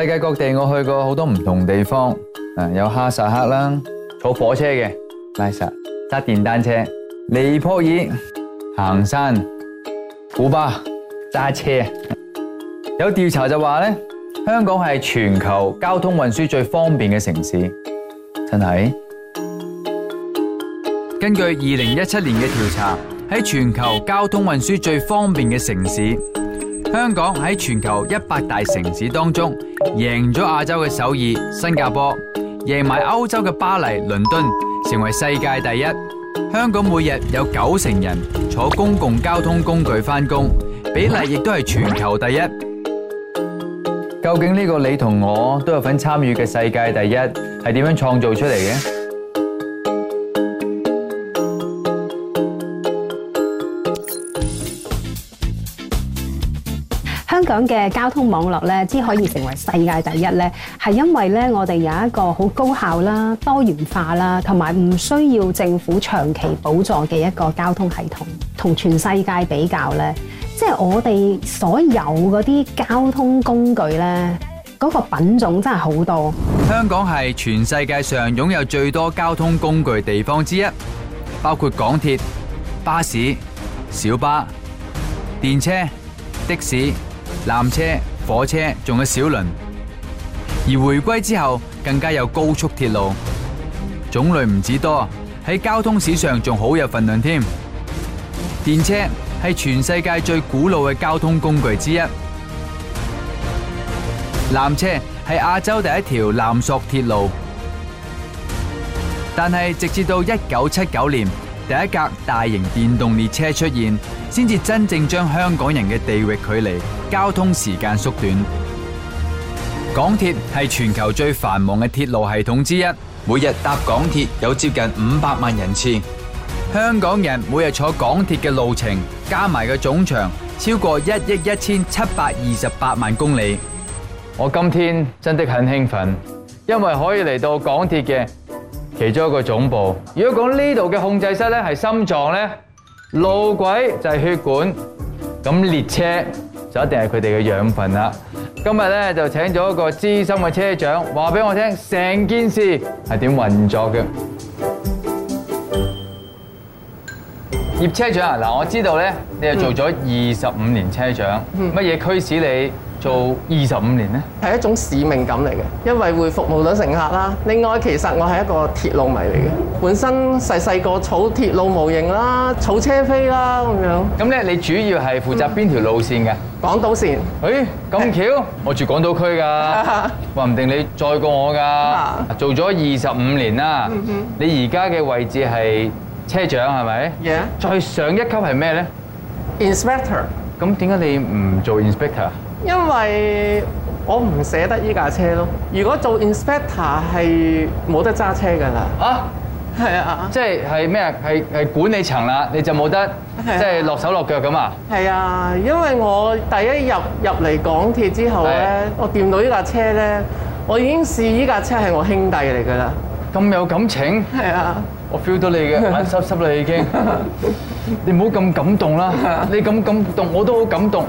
世界各地我去過好多唔同地方，啊有哈薩克啦，坐火車嘅，拉薩，揸電單車，尼泊爾，行山，古巴，揸車。有調查就話呢，香港係全球交通運輸最方便嘅城市，真係。根據二零一七年嘅調查，喺全球交通運輸最方便嘅城市。香港喺全球一百大城市當中，贏咗亞洲嘅首爾、新加坡，贏埋歐洲嘅巴黎、倫敦，成為世界第一。香港每日有九成人坐公共交通工具翻工，比例亦都係全球第一。究竟呢個你同我都有份參與嘅世界第一，係點樣創造出嚟嘅？港嘅交通網絡咧，只可以成為世界第一咧，係因為咧，我哋有一個好高效啦、多元化啦，同埋唔需要政府長期補助嘅一個交通系統。同全世界比較咧，即係我哋所有嗰啲交通工具咧，嗰個品種真係好多。香港係全世界上擁有最多交通工具的地方之一，包括港鐵、巴士、小巴、電車、的士。纜車、火車仲有小輪，而回歸之後更加有高速鐵路，種類唔止多，喺交通史上仲好有份量添。電車係全世界最古老嘅交通工具之一，纜車係亞洲第一條纜索鐵路，但係直至到一九七九年第一架大型電動列車出現，先至真正將香港人嘅地域距離。交通時間縮短.港鐵係全球最繁忙嘅鐵路系統之一,每日搭港鐵有接近500萬人次.香港人每日坐港鐵嘅路程加埋嘅總長超過11728一定係佢哋嘅養分啦。今日咧，就請咗一個資深嘅車長，話俾我聽成件事係點運作嘅。葉車長啊，嗱，我知道咧，你係做咗二十五年車長，乜嘢驅使你？做二十五年呢，係一種使命感嚟嘅，因為會服務到乘客啦。另外，其實我係一個鐵路迷嚟嘅，本身細細個儲鐵路模型啦，儲車飛啦咁樣。咁咧，你主要係負責邊條路線嘅？港島線。誒，咁巧，我住港島區㗎，話唔定你載過我㗎。做咗二十五年啦，你而家嘅位置係車長係咪？Yeah。再上一級係咩呢？Inspector。咁點解你唔做 Inspector？因為我唔捨得依架車咯。如果做 inspector 係冇得揸車㗎啦。係啊，係啊，即係係咩？係係管理層啦，你就冇得即係落手落腳咁啊。係啊，因為我第一入入嚟港鐵之後咧、啊，我掂到呢架車咧，我已經視依架車係我兄弟嚟㗎啦。咁有感情，係啊！我 feel 到你嘅眼濕濕啦，已經濕濕你、啊。你唔好咁感動啦、啊，你咁感動我都好感動、啊，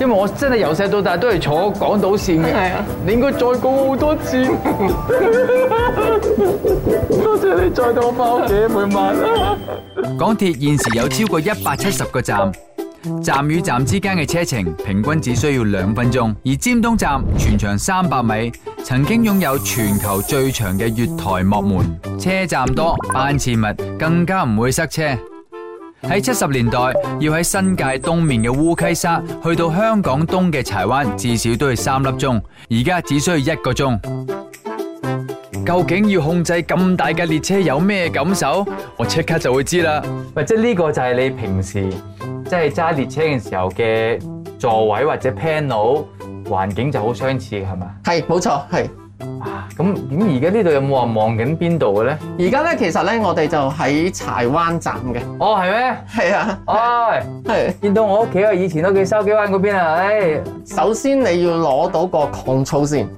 因為我真係由細到大都係坐港島線嘅。係啊，你應該再過好多次。多 謝，謝你載到我翻屋企，每晚啊！港鐵現時有超過一百七十個站，站與站之間嘅車程平均只需要兩分鐘，而尖東站全長三百米。曾經擁有全球最長嘅月台幕門，車站多，班次密，更加唔會塞車。喺七十年代，要喺新界東面嘅烏溪沙去到香港東嘅柴灣，至少都要三粒鐘。而家只需要一個鐘。究竟要控制咁大嘅列車有咩感受？我即刻就會知啦。或者呢個就係你平時即係揸列車嘅時候嘅座位或者 panel。環境就好相似，係咪？係，冇錯，係。哇、啊，咁咁而家呢度有冇話望緊邊度嘅咧？而家咧，其實咧，我哋就喺柴灣站嘅。哦，係咩？係啊。哎，見到我屋企啊，以前都住筲箕灣嗰邊啊。哎，首先你要攞到個控掣先，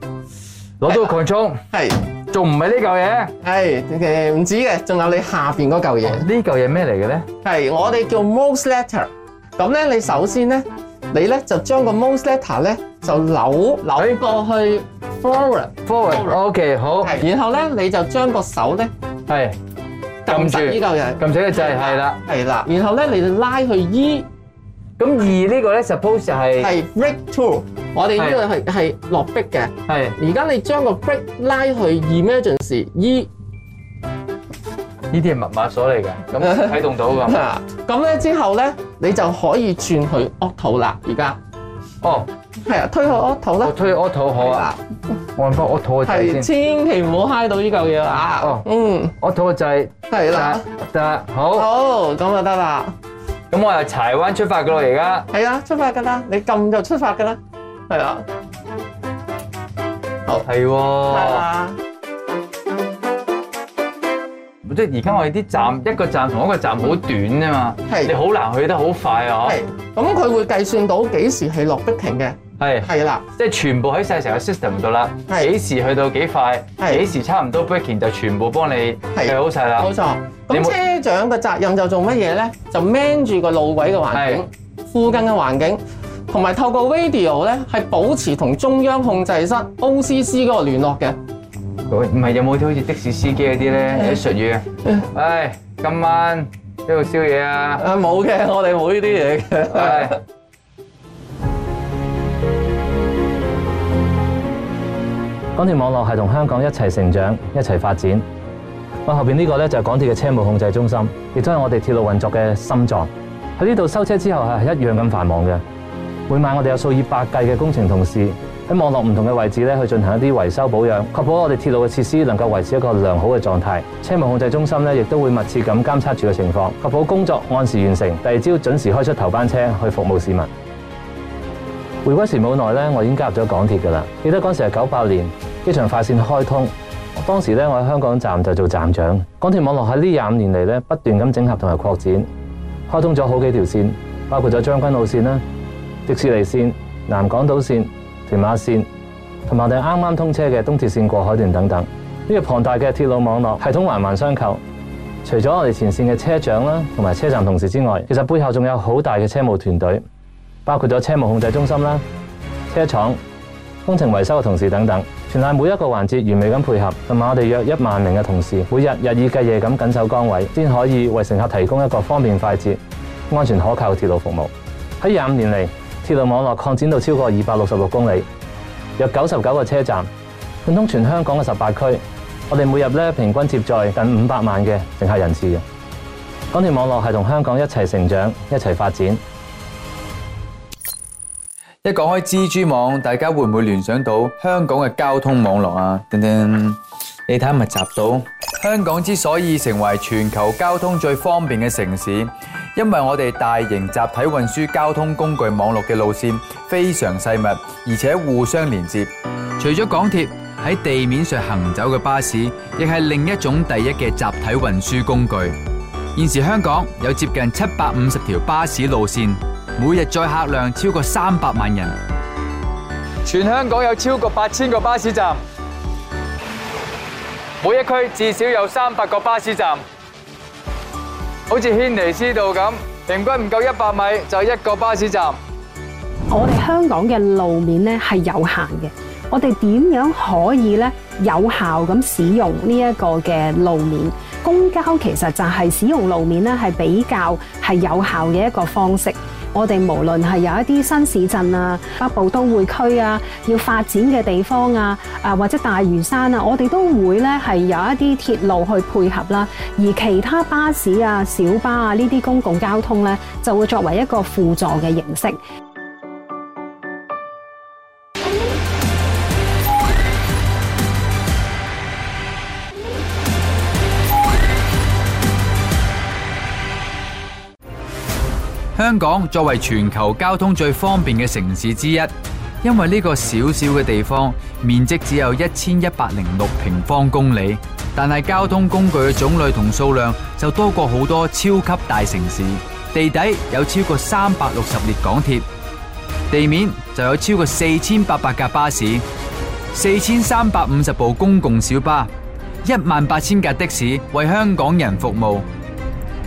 攞到個控掣，係仲唔係呢嚿嘢？係唔止嘅，仲有你下邊嗰嚿嘢。哦、這是什麼來的，呢嚿嘢咩嚟嘅咧？係我哋叫 Morse letter。咁咧，你首先咧，你咧就將個 Morse letter 咧。就扭扭過去，forward，forward，OK，好。然後咧，你就將個手咧，係撳住呢嚿嘢，撳住個掣，係啦，係啦。然後咧，你就拉去 E，咁 E 呢個咧，suppose 係係 break two，我哋呢個係係落壁嘅。係，而家你將個 break 拉去 emergency，E 呢啲係密碼鎖嚟嘅，咁先啟動到噶。咁咧之後咧，你就可以轉去 auto 啦，而家。哦，係啊，推我肚啦，推我肚好啊，按摩我肚嘅掣千祈唔好嗨到呢嚿嘢啊，哦，嗯，我肚嘅掣，係啦，得、啊，好，好，咁、哦、就得啦，咁我由柴灣出發嘅啦而家，係啊，出發噶啦，你撳就出發噶啦，係啊，好，係、啊啊啊啊，即係而家我哋啲站一個站同一個站好短啫嘛，係、嗯啊，你好難去得好快啊，咁佢會計算到幾時係落 breaking 嘅，係係啦，即係全部喺晒成個 system 度啦，幾時去到幾快，幾時差唔多 breaking 就全部幫你記好晒啦。冇錯，咁車長嘅責任就做乜嘢咧？就 man 住個路軌嘅環境、附近嘅環境，同埋透過 radio 咧係保持同中央控制室 OCC 嗰個聯絡嘅。唔係有冇啲好似的士司機嗰啲咧？有啲術語啊，誒 今晚。喺度宵夜啊！啊冇嘅，我哋冇呢啲嘢嘅。港鐵網絡係同香港一齊成長、一齊發展。我後邊呢個咧就係港鐵嘅車務控制中心，亦都係我哋鐵路運作嘅心臟。喺呢度收車之後係一樣咁繁忙嘅。每晚我哋有數以百計嘅工程同事。喺網絡唔同嘅位置咧，去進行一啲維修保養，確保我哋鐵路嘅設施能夠維持一個良好嘅狀態。車務控制中心咧，亦都會密切咁監察住嘅情況，確保工作按時完成，第二朝準時開出頭班車去服務市民。回歸時冇耐咧，我已經加入咗港鐵噶啦。記得嗰時係九八年機場快線開通，當時咧我喺香港站就做站長。港鐵網絡喺呢廿五年嚟咧，不斷咁整合同埋擴展，開通咗好幾條線，包括咗將軍澳線啦、迪士尼線、南港島線。屯馬線同埋我哋啱啱通車嘅東鐵綫過海段等等，呢個龐大嘅鐵路網絡系統環環相扣。除咗我哋前綫嘅車長啦，同埋車站同事之外，其實背後仲有好大嘅車務團隊，包括咗車務控制中心啦、車廠、工程維修嘅同事等等，全賴每一個環節完美咁配合，同埋我哋約一萬名嘅同事，每日日以繼夜咁緊守崗位，先可以為乘客提供一個方便快捷、安全可靠嘅鐵路服務。喺廿五年嚟。鐵路網絡擴展到超過二百六十六公里，約九十九個車站，貫通全香港嘅十八區。我哋每日咧平均接載近五百萬嘅乘客人次嘅。港鐵網絡係同香港一齊成長、一齊發展。一講開蜘蛛網，大家會唔會聯想到香港嘅交通網絡啊？呃呃你睇下密集到？香港之所以成為全球交通最方便嘅城市。因為我哋大型集體運輸交通工具網絡嘅路綫非常細密，而且互相連接。除咗港鐵喺地面上行走嘅巴士，亦係另一種第一嘅集體運輸工具。現時香港有接近七百五十條巴士路綫，每日載客量超過三百萬人。全香港有超過八千個巴士站，每一區至少有三百個巴士站。好似軒尼詩道咁，平均唔夠一百米就一個巴士站。我哋香港嘅路面咧係有限嘅，我哋點樣可以咧有效咁使用呢一個嘅路面？公交其實就係使用路面咧係比較係有效嘅一個方式。我哋無論係有一啲新市鎮啊、北部都會區啊、要發展嘅地方啊，啊或者大嶼山啊，我哋都會咧係有一啲鐵路去配合啦，而其他巴士啊、小巴啊呢啲公共交通呢，就會作為一個輔助嘅形式。香港作為全球交通最方便嘅城市之一，因為呢個小小嘅地方面積只有一千一百零六平方公里，但係交通工具嘅種類同數量就多過好多超級大城市。地底有超過三百六十列港鐵，地面就有超過四千八百架巴士、四千三百五十部公共小巴、一萬八千架的士為香港人服務，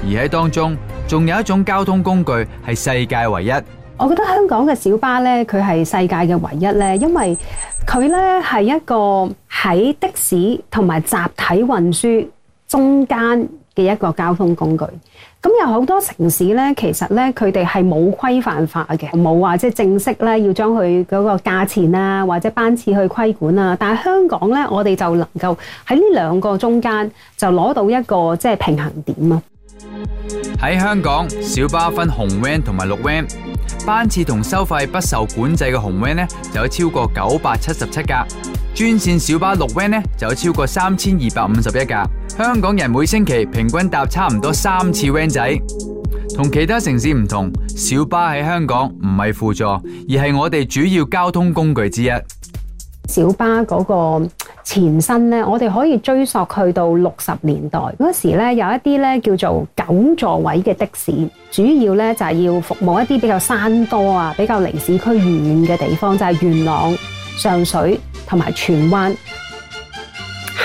而喺當中。仲有一種交通工具係世界唯一，我覺得香港嘅小巴咧，佢係世界嘅唯一咧，因為佢咧係一個喺的士同埋集體運輸中間嘅一個交通工具。咁有好多城市咧，其實咧佢哋係冇規範化嘅，冇話即係正式咧要將佢嗰個價錢啊或者班次去規管啊。但係香港咧，我哋就能夠喺呢兩個中間就攞到一個即係平衡點啊。喺香港，小巴分紅 van 同埋綠 van，班次同收費不受管制嘅紅 van 呢就有超過九百七十七架，專線小巴綠 van 呢就有超過三千二百五十一架。香港人每星期平均搭差唔多三次 van 仔。同其他城市唔同，小巴喺香港唔係輔助，而係我哋主要交通工具之一。小巴嗰、那個，前身咧，我哋可以追溯去到六十年代嗰時咧，有一啲咧叫做九座位嘅的,的士，主要咧就係、是、要服務一啲比較山多啊、比較離市區遠嘅地方，就係、是、元朗、上水同埋荃灣。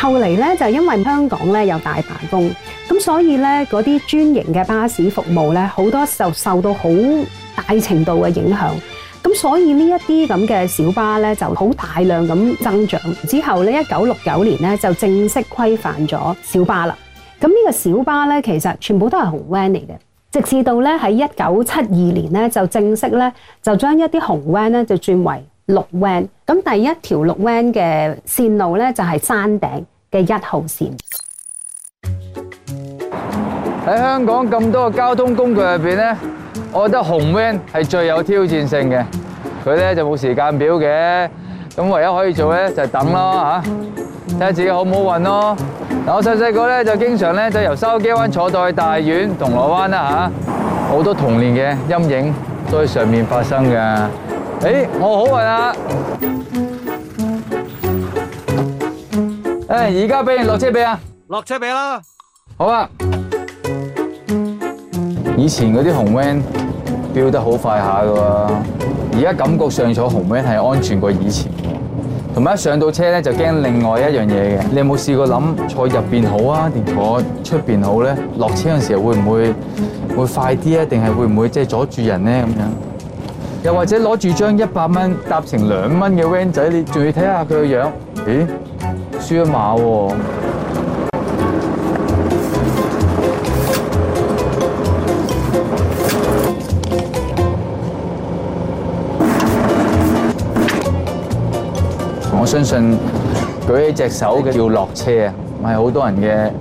後嚟咧就因為香港咧有大罷工，咁所以咧嗰啲專營嘅巴士服務咧，好多就受到好大程度嘅影響。咁所以呢一啲咁嘅小巴咧就好大量咁增長，之後咧一九六九年咧就正式規範咗小巴啦。咁呢個小巴咧其實全部都係紅 van 嚟嘅，直至到咧喺一九七二年咧就正式咧就將一啲紅 van 咧就轉為綠 van。咁第一條綠 van 嘅線路咧就係山頂嘅一號線。喺香港咁多個交通工具入邊咧。我覺得紅 van 係最有挑戰性嘅，佢呢就冇時間表嘅，咁唯一可以做咧就是等咯吓，睇下自己好唔好運咯。我細細個呢，就經常呢，就由筲箕灣坐到去大院銅鑼灣啦，好多童年嘅陰影都在上面發生㗎誒，我、欸哦、好運啊！誒、欸，而家俾你落車俾啊，落車俾啦、啊。好啊以前嗰啲紅 van。飆得好快下噶喎，而家感覺上坐紅 van 係安全過以前喎，同埋一上到車咧就驚另外一樣嘢嘅，你有冇試過諗坐入邊好啊，定坐出邊好咧？落車嘅時候會唔會會快啲啊？定係會唔會即係阻住人咧咁樣？又或者攞住張一百蚊搭成兩蚊嘅 van 仔，你仲要睇下佢個樣？咦，輸咗馬喎！相信舉起隻手嘅要落車啊，係好多人嘅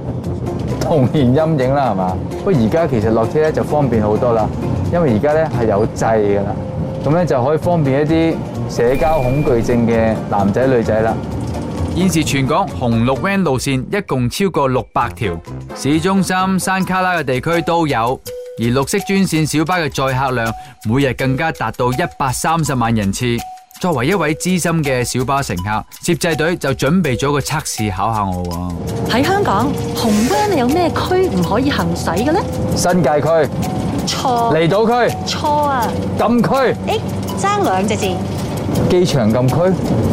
童年陰影啦，係嘛？不過而家其實落車咧就方便好多啦，因為而家咧係有掣㗎啦，咁咧就可以方便一啲社交恐懼症嘅男仔女仔啦。現時全港紅綠 van 路線一共超過六百條，市中心、山卡拉嘅地區都有，而綠色專線小巴嘅載客量每日更加達到一百三十萬人次。作為一位資深嘅小巴乘客，攝製隊就準備咗個測試考下我喎。喺香港，紅 van 你有咩區唔可以行駛嘅咧？新界區錯，離島區錯啊，禁區。誒、欸，爭兩隻字，機場禁區。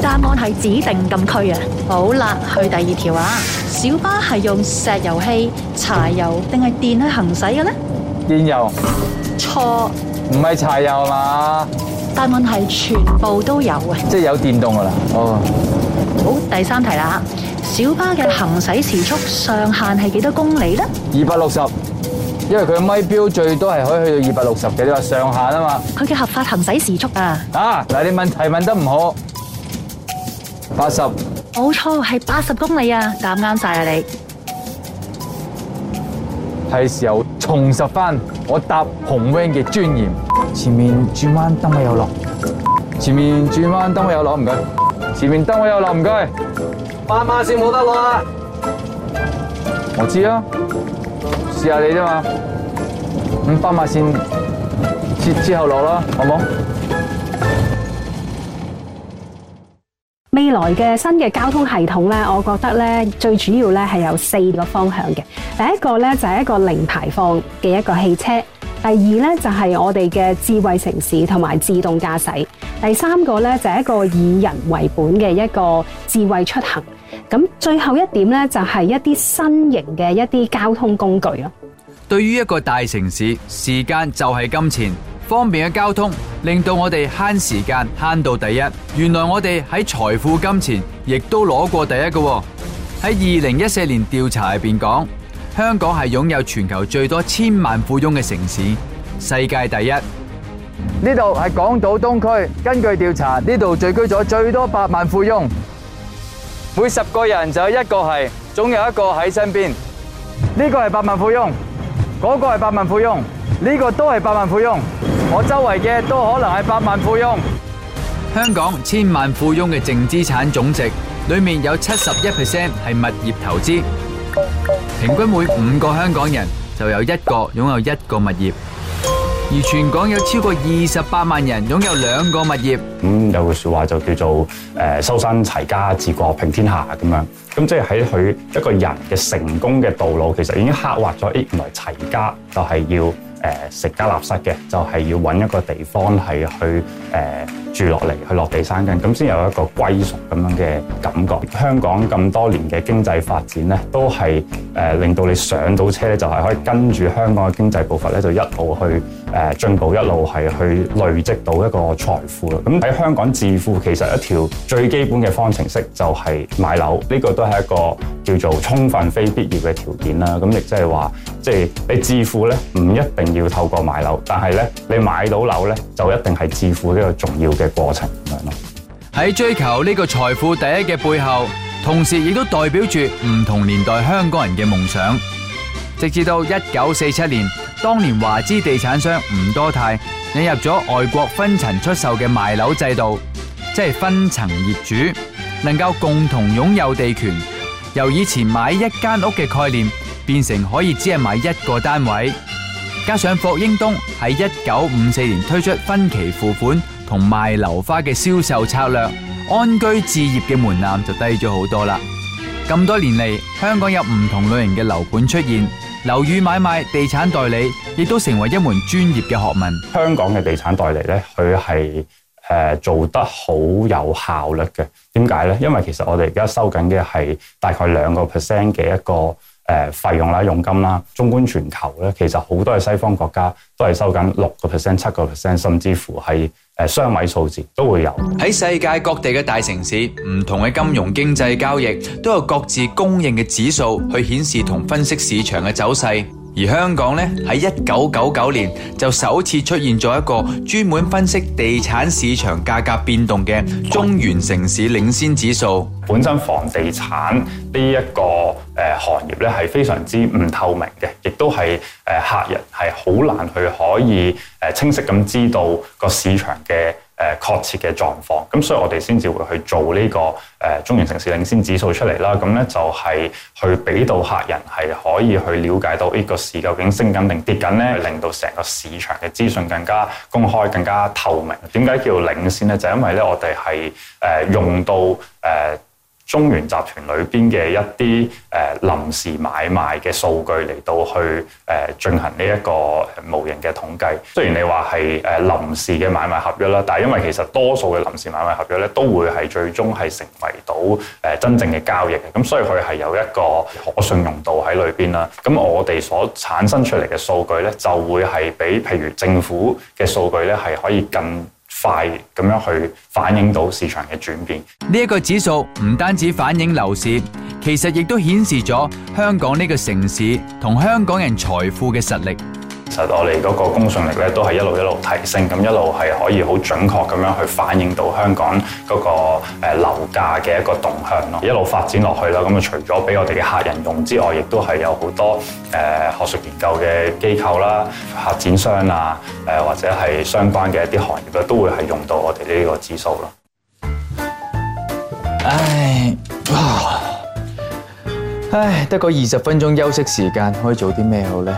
答案係指定禁區啊。好啦，去第二條啊。小巴係用石油氣、柴油定係電去行駛嘅咧？電油錯，唔係柴油啊嘛？但係問題全部都有啊！即係有電動噶啦。哦，好，第三題啦，小巴嘅行駛時速上限係幾多公里咧？二百六十，因為佢嘅咪錶最多係可以去到二百六十嘅，你話上限啊嘛。佢嘅合法行駛時速啊？啊，嗱，你問題問得唔好，八十。冇錯，係八十公里啊，答啱晒啊你。係時候。重拾翻我搭紅 van 嘅尊嚴。前面轉彎燈位有落，前面轉彎燈位有落，唔該，前面燈位有落，唔該，斑馬線冇得落啊！我知啊，試下你啫嘛，咁斑馬線之之後落啦，好唔好？未來嘅新嘅交通系統咧，我覺得咧最主要咧係有四個方向嘅。第一個咧就係一個零排放嘅一個汽車，第二咧就係我哋嘅智慧城市同埋自動駕駛，第三個咧就係一個以人為本嘅一個智慧出行，咁最後一點咧就係一啲新型嘅一啲交通工具咯。對於一個大城市，時間就係金錢。方便嘅交通令到我哋慳時間慳到第一，原來我哋喺財富金錢亦都攞過第一㗎喎。喺二零一四年調查入邊講，香港係擁有全球最多千萬富翁嘅城市，世界第一。呢度係港島東區，根據調查，呢度聚居咗最多百萬富翁，每十個人就有一個係，總有一個喺身邊。呢個係百萬富翁，嗰個係百萬富翁，呢個都係百萬富翁。我周圍嘅都可能係百萬富翁。香港千萬富翁嘅淨資產總值，裏面有七十一 percent 係物業投資。平均每五個香港人就有一個擁有一個物業，而全港有超過二十八萬人擁有兩個物業。咁、嗯、有句說話就叫做誒，修身齊家治國平天下咁樣。咁即係喺佢一個人嘅成功嘅道路，其實已經刻畫咗，原來齊家就係、是、要。誒食家垃圾嘅，就係、是、要搵一個地方係去誒。呃住落嚟去落地生根，咁先有一個歸屬咁樣嘅感覺。香港咁多年嘅經濟發展咧，都係誒、呃、令到你上到車咧，就係、是、可以跟住香港嘅經濟步伐咧，就一路去誒進、呃、步，一路係去累積到一個財富咯。咁喺香港致富其實一條最基本嘅方程式就係買樓呢、這個都係一個叫做充分非必要嘅條件啦。咁亦即係話，即、就、係、是、你致富咧唔一定要透過買樓，但係咧你買到樓咧就一定係致富比較重要嘅。嘅過程喺追求呢個財富第一嘅背後，同時亦都代表住唔同年代香港人嘅夢想。直至到一九四七年，當年華資地產商吳多泰引入咗外國分層出售嘅賣樓制度，即係分層業主能夠共同擁有地權，由以前買一間屋嘅概念，變成可以只係買一個單位。加上霍英東喺一九五四年推出分期付款。同賣樓花嘅銷售策略，安居置業嘅門檻就低咗好多啦。咁多年嚟，香港有唔同類型嘅樓盤出現，樓宇買賣、地產代理亦都成為一門專業嘅學問。香港嘅地產代理呢，佢係誒做得好有效率嘅。點解呢？因為其實我哋而家收緊嘅係大概兩個 percent 嘅一個。誒、呃、費用啦、佣金啦，縱觀全球咧，其實好多嘅西方國家都係收緊六個 percent、七個 percent，甚至乎係誒雙位數字都會有。喺世界各地嘅大城市，唔同嘅金融經濟交易都有各自公認嘅指數去顯示同分析市場嘅走勢。而香港咧喺一九九九年就首次出現咗一個專門分析地產市場價格變動嘅中原城市領先指數。本身房地產呢一個誒行業咧係非常之唔透明嘅，亦都係誒客人係好難去可以誒清晰咁知道個市場嘅。誒、呃、確切嘅狀況，咁所以我哋先至會去做呢、呢個誒、呃、中原城市領先指數出嚟啦。咁咧就係去俾到客人係可以去了解到呢個市究竟升緊定跌緊咧，令到成個市場嘅資訊更加公開、更加透明。點解叫領先咧？就因為咧，我哋係誒用到誒，呃中原集團裏邊嘅一啲誒臨時買賣嘅數據嚟到去誒進行呢一個模型嘅統計。雖然你話係誒臨時嘅買賣合約啦，但係因為其實多數嘅臨時買賣合約咧都會係最終係成為到誒真正嘅交易，咁所以佢係有一個可信用度喺裏邊啦。咁我哋所產生出嚟嘅數據咧就會係比譬如政府嘅數據咧係可以更快咁樣去反映到市場嘅轉變。呢一個指數唔單止反映樓市，其實亦都顯示咗香港呢個城市同香港人財富嘅實力。其實我哋嗰個公信力咧，都係一路一路提升，咁一路係可以好準確咁樣去反映到香港嗰個誒樓價嘅一個動向咯，一路發展落去啦。咁啊，除咗俾我哋嘅客人用之外，亦都係有好多誒、呃、學術研究嘅機構啦、發展商啊、誒、呃、或者係相關嘅一啲行業咧，都會係用到我哋呢個指數咯。唉，哇！唉，得個二十分鐘休息時間，可以做啲咩好呢？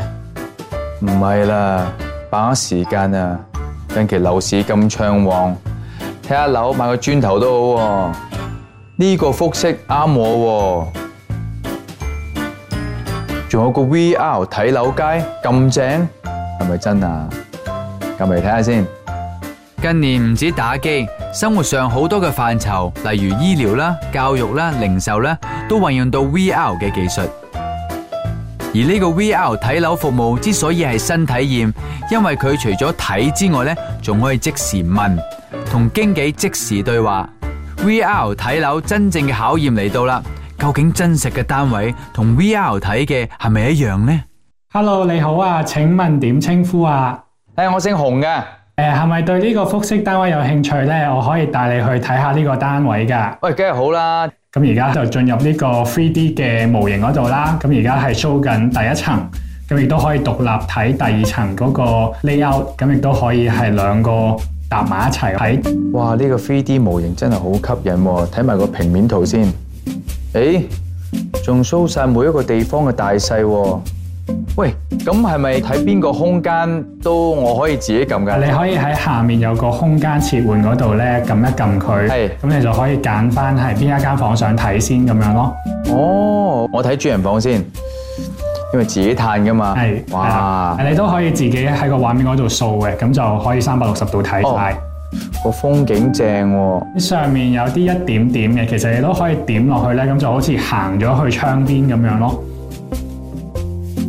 唔係啦，把握時間啊，近期樓市咁暢旺，睇下樓買個磚頭都好喎。呢個複式啱我喎。仲有個 V 而呢個 VR 睇樓服務之所以係新體驗，因為佢除咗睇之外呢，仲可以即時問同經紀即時對話。VR 睇樓真正嘅考驗嚟到啦，究竟真實嘅單位同 VR 睇嘅係咪一樣呢？Hello，你好啊，請問點稱呼啊？誒、哎，我姓洪嘅。誒，係咪對呢個複式單位有興趣呢？我可以帶你去睇下呢個單位噶。喂，梗係好啦。咁而家就進入呢個 3D 嘅模型嗰度啦，咁而家係 show 緊第一層，咁亦都可以獨立睇第二層嗰個 layout，咁亦都可以係兩個搭埋一齊睇。哇！呢個 3D 模型真係好吸引喎，睇埋個平面圖先，咦？仲 show 晒每一個地方嘅大細喎。喂，咁係咪睇邊個空間都我可以自己撳噶？你可以喺下面有個空間切換嗰度咧，撳一撳佢。係，咁你就可以揀翻係邊一間房想睇先咁樣咯。哦，我睇主人房先，因為自己嘆噶嘛。係，哇！你都可以自己喺個畫面嗰度掃嘅，咁就可以三百六十度睇晒。個、哦、風景正喎、哦，上面有啲一,一點點嘅，其實你都可以點落去咧，咁就好似行咗去窗邊咁樣咯。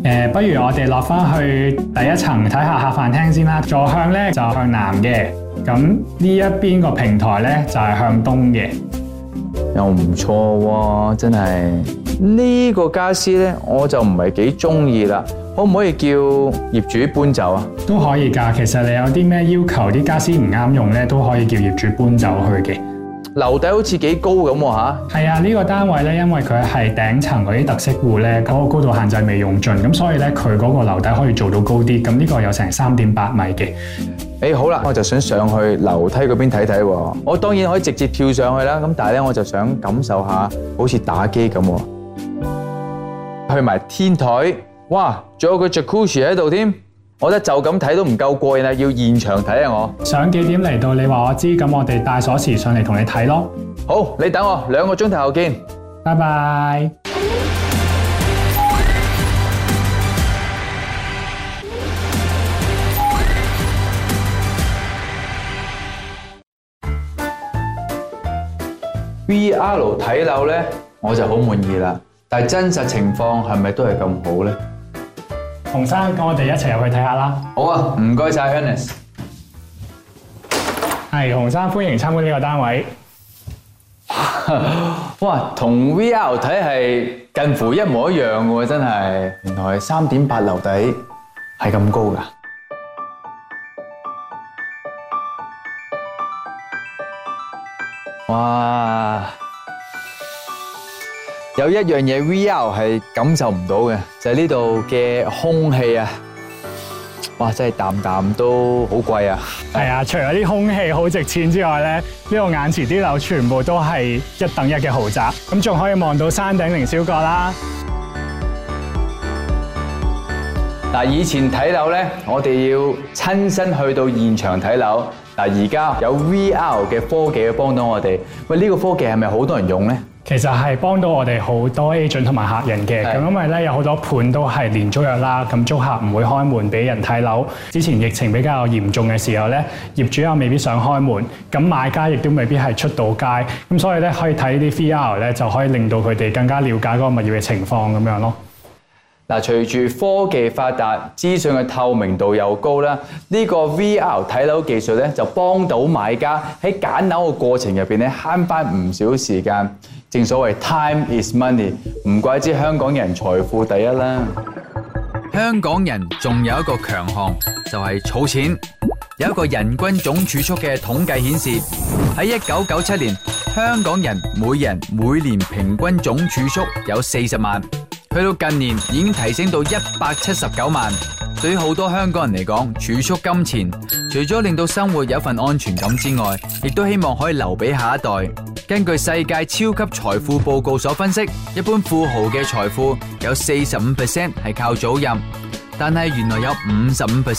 誒，不如我哋落翻去第一層睇下客飯廳先啦。坐向咧就向南嘅，咁呢一邊個平台咧就係、是、向東嘅，又唔錯喎，真係。這個、呢個家私咧我就唔係幾中意啦，可唔可以叫業主搬走啊？都可以噶，其實你有啲咩要求，啲家私唔啱用咧，都可以叫業主搬走去嘅。樓底好似幾高咁喎吓？係啊！呢、啊呢個單位呢，因為佢係頂層嗰啲特色戶呢，嗰、嗰個高度限制未用盡，咁所以呢，佢嗰個樓底可以做到高啲，咁呢個有成三點八米嘅、哎。好啦，我就想上去樓梯嗰邊睇睇喎，我當然可以直接跳上去啦，咁但係呢我就想感受一下好似打機咁喎，去埋天台，哇！仲有個 jacuzzi 喺度添。我覺得就咁睇都唔夠過癮要現場睇呀。我想幾點嚟到，你話我知，咁我哋帶鎖匙上嚟同你睇咯。好，你等我兩個鐘頭後見。拜拜。VR 睇樓呢，我就好滿意啦。但真實情況係咪都係咁好呢？洪生，咁我哋一齊入去睇下啦。好啊，唔該晒，Hannes。係，洪生，歡迎參觀呢個單位。哇，同 VR 睇係近乎一模一樣嘅喎，真係。原來係三點八樓底，係咁高㗎。哇！有一樣嘢 VR 係感受唔到嘅，就係呢度嘅空氣啊！哇，真係啖啖都好貴啊！係啊，除咗啲空氣好值錢之外咧，呢個眼前啲樓全部都係一等一嘅豪宅，咁仲可以望到山頂凌霄閣啦！嗱，以前睇樓咧，我哋要親身去到現場睇樓，嗱，而家有 VR 嘅科技幫到我哋。喂，呢個科技係咪好多人用咧？其實係幫到我哋好多 agent 同埋客人嘅，咁因為咧有好多盤都係連租約啦，咁租客唔會開門俾人睇樓。之前疫情比較嚴重嘅時候咧，業主又未必想開門，咁買家亦都未必係出到街，咁所以咧可以睇啲 VR 咧就可以令到佢哋更加了解嗰個物業嘅情況咁樣咯。嗱，隨住科技發達，資訊嘅透明度又高啦，呢個 VR 睇樓技術咧就幫到買家喺揀樓嘅過程入邊咧慳翻唔少時間。正所謂 time is money，唔怪之香港人財富第一啦。香港人仲有一個強項就係儲錢，有一個人均總儲蓄嘅統計顯示，喺一九九七年，香港人每人每年平均總儲蓄有四十萬，去到近年已經提升到一百七十九萬。對於好多香港人嚟講，儲蓄金錢除咗令到生活有份安全感之外，亦都希望可以留俾下一代根據世界超級財富報告所分析，一般富豪嘅財富有四十五 percent 係靠祖蔭。但係原來有五十五 p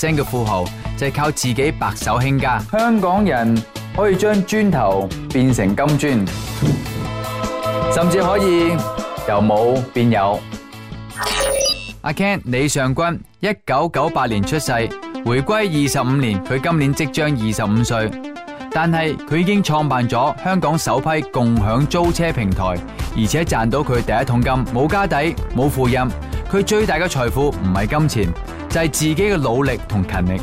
但係佢已經創辦咗香港首批共享租車平台，而且賺到佢第一桶金，冇家底，冇父蔭。佢最大嘅財富唔係金錢，就係自己嘅努力同勤力。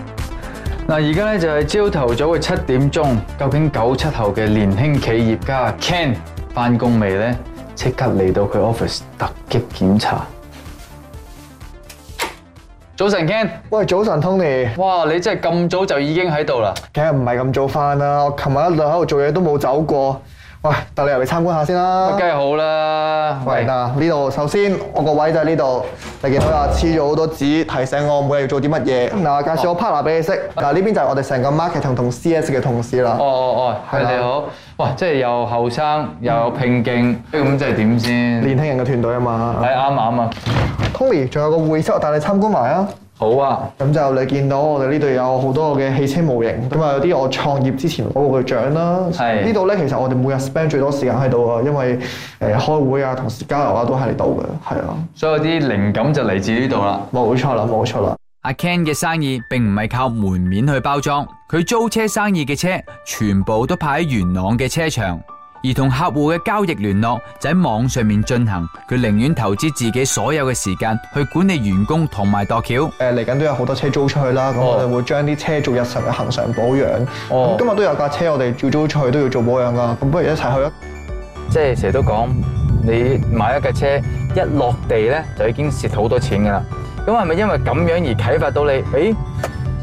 嗱，而家咧就係朝頭早嘅七點鐘，究竟九七後嘅年輕企業家 Ken 翻工未呢？即刻嚟到佢 office 突擊檢查。早晨，Ken。喂，早晨，Tony。哇，你真係咁早就已經喺度啦。梗係唔係咁早翻啦，我琴日一路喺度做嘢都冇走過。喂，帶你入嚟參觀一下先啦。梗係好啦。喂，嗱，呢度首先我個位置就喺呢度。你見到啊，黐咗好多紙，提醒我每日要做啲乜嘢。嗱、嗯，介紹我 partner 俾你識。嗱、哦，呢邊就係我哋成個 market 同同 CS 嘅同事啦。哦哦哦，係、哦啊、你好。喂，即係又後生又拼勁，咁即係點先？年輕人嘅團隊啊嘛。你啱啱啊。Tony，仲有個會室，我帶你參觀埋啊！好啊，咁就你見到我哋呢度有好多嘅汽車模型，咁啊有啲我創業之前攞過嘅獎啦。係。呢度咧，其實我哋每日 spend 最多時間喺度啊，因為誒開會啊、同時交流啊都喺度嘅，係啊。所以啲靈感就嚟自呢度啦。冇錯啦，冇錯啦。阿 Ken 嘅生意並唔係靠門面去包裝，佢租車生意嘅車全部都派喺元朗嘅車場。而同客戶嘅交易聯絡就喺網上面進行，佢寧願投資自己所有嘅時間去管理員工同埋度橋。誒，嚟緊都有好多車租出去啦，咁、oh. 我哋會將啲車做日常嘅恒常保養。哦、oh.，今日都有一架車我哋要租出去都要做保養噶，咁不如一齊去啦。即係成日都講，你買一架車一落地咧，就已經蝕好多錢噶啦。咁係咪因為咁樣而啟發到你？誒、哎，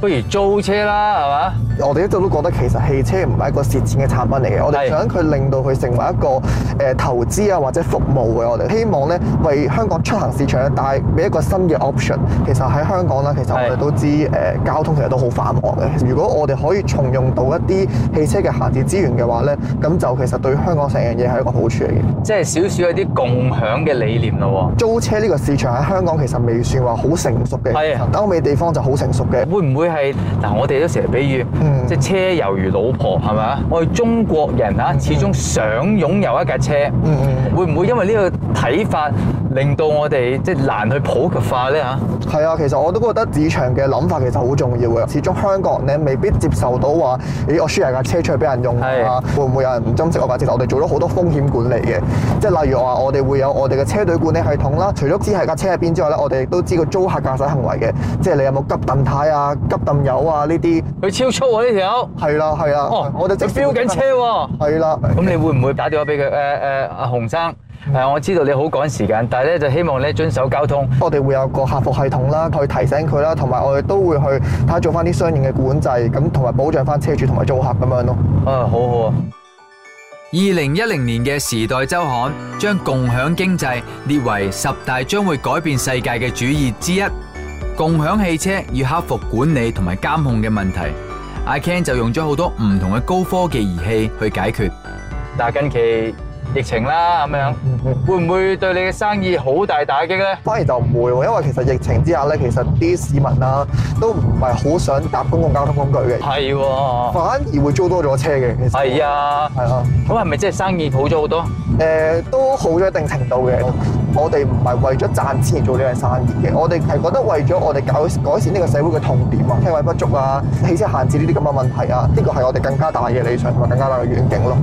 不如租車啦，係嘛？我哋一直都覺得其實汽車唔係一個蝕錢嘅產品嚟嘅，我哋想佢令到佢成為一個誒投資啊或者服務嘅。我哋希望呢，為香港出行市場帶俾一個新嘅 option。其實喺香港咧，其實我哋都知誒交通其實都好繁忙嘅。如果我哋可以重用到一啲汽車嘅閒置資源嘅話呢，咁就其實對香港成樣嘢係一個好處嚟嘅。即係少少一啲共享嘅理念咯。租車呢個市場喺香港其實未算話好成熟嘅，歐美地方就好成熟嘅。會唔會係嗱？我哋都成日比喻。即係車猶如老婆，係咪啊？我哋中國人啊，始終想擁有一架車。嗯嗯嗯，會唔會因為呢個睇法，令到我哋即係難去普及化咧係係啊，其實我都覺得市場嘅諗法其實好重要嘅。始終香港你未必接受到話，咦、欸，我輸人架車出去俾人用啊？會唔會有人唔珍惜我架車？其實我哋做咗好多風險管理嘅，即係例如話我哋會有我哋嘅車隊管理系統啦。除咗只係架車喺邊之外咧，我哋亦都知個租客駕駛行為嘅，即係你有冇急蹬軚啊、急蹬油啊呢啲。佢超速啊呢條，係啦係啦，我哋即係飆緊車喎。係啦、啊，咁你會唔會打電話俾佢？誒、呃、誒，阿、呃、洪生。誒，我知道你好趕時間，但係咧就希望咧遵守交通。我哋會有個客服系統啦，去提醒佢啦，同埋我哋都會去睇下做翻啲相應嘅管制，咁同埋保障翻車主同埋租客咁樣咯。啊，好好啊！二零一零年嘅《時代周刊》將共享經濟列為十大將會改變世界嘅主義之一。共享汽車要克服管理同埋監控嘅問題。阿 Ken 就用咗好多唔同嘅高科技儀器去解決。但係近期疫情啦咁樣會唔會對你嘅生意好大打擊咧？反而就唔會喎，因為其實疫情之下咧，其實啲市民啦，都唔係好想搭公共交通工具嘅。係喎，反而會租多咗車嘅。其實係啊，係啊。咁係咪即係生意好咗好多？誒，都好咗一定程度嘅。我哋唔係為咗賺錢而做呢樣生意嘅。我哋係覺得為咗我哋改改善呢個社會嘅痛點啊，車位不足啊，汽車限制呢啲咁嘅問題啊，呢個係我哋更加大嘅理想同埋更加大嘅遠景咯。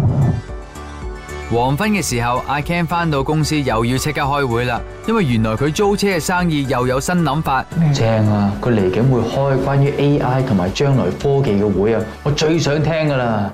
黃昏嘅時候，阿 Ken 返到公司又要即刻開會啦，因為原來佢租車嘅生意又有新諗法。正啊，佢嚟緊會開關於 AI 同埋將來科技嘅會啊，我最想聽噶啦。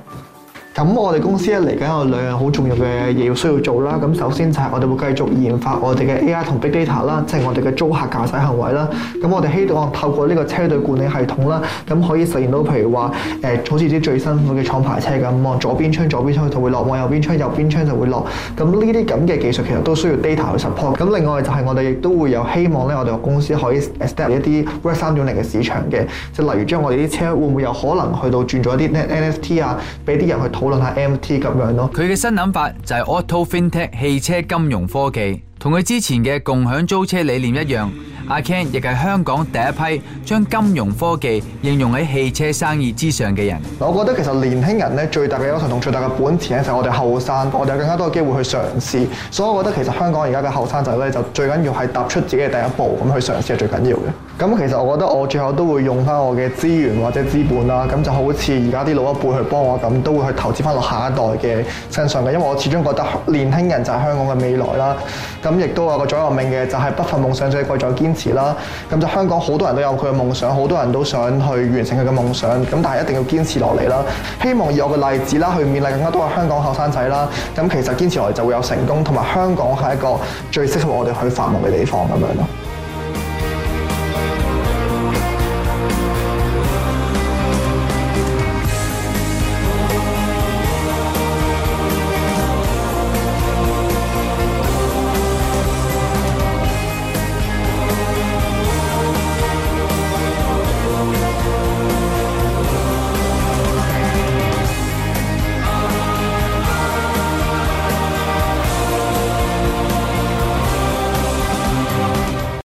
咁我哋公司咧嚟緊有兩樣好重要嘅嘢要需要做啦。咁首先就係我哋會繼續研發我哋嘅 AI 同 Big Data 啦，即係我哋嘅租客駕駛行為啦。咁我哋希望透過呢個車隊管理系統啦，咁可以實現到譬如話誒，好似啲最辛苦嘅廠牌車咁，往左邊窗左邊窗就會落，往右邊窗右邊窗就會落。咁呢啲咁嘅技術其實都需要 data 去 support。咁另外就係我哋亦都會有希望咧，我哋個公司可以 step 一啲 Work 3.0嘅市場嘅，即係例如將我哋啲車會唔會有可能去到轉咗啲 NFT 啊，俾啲人去無論係 MT 咁樣囉，佢嘅新諗法就係 Auto FinTech 汽車金融科技，同佢之前嘅共享租車理念一樣。阿 Ken 亦係香港第一批將金融科技應用喺汽車生意之上嘅人。我覺得其實年輕人咧最大嘅優勢同最大嘅本錢咧就係我哋後生，我哋有更加多嘅機會去嘗試。所以我覺得其實香港而家嘅後生仔咧就最緊要係踏出自己嘅第一步，咁去嘗試係最緊要嘅。咁其實我覺得我最後都會用翻我嘅資源或者資本啦，咁就好似而家啲老一輩去幫我咁，都會去投資翻落下一代嘅身上嘅，因為我始終覺得年輕人就係香港嘅未來啦。咁亦都有個座右銘嘅，就係不負夢想最貴在堅。啦，咁就香港好多人都有佢嘅夢想，好多人都想去完成佢嘅夢想，咁但係一定要堅持落嚟啦。希望以我嘅例子啦，去勉勵更加多嘅香港後生仔啦。咁其實堅持落嚟就會有成功，同埋香港係一個最適合我哋去繁忙嘅地方咁樣咯。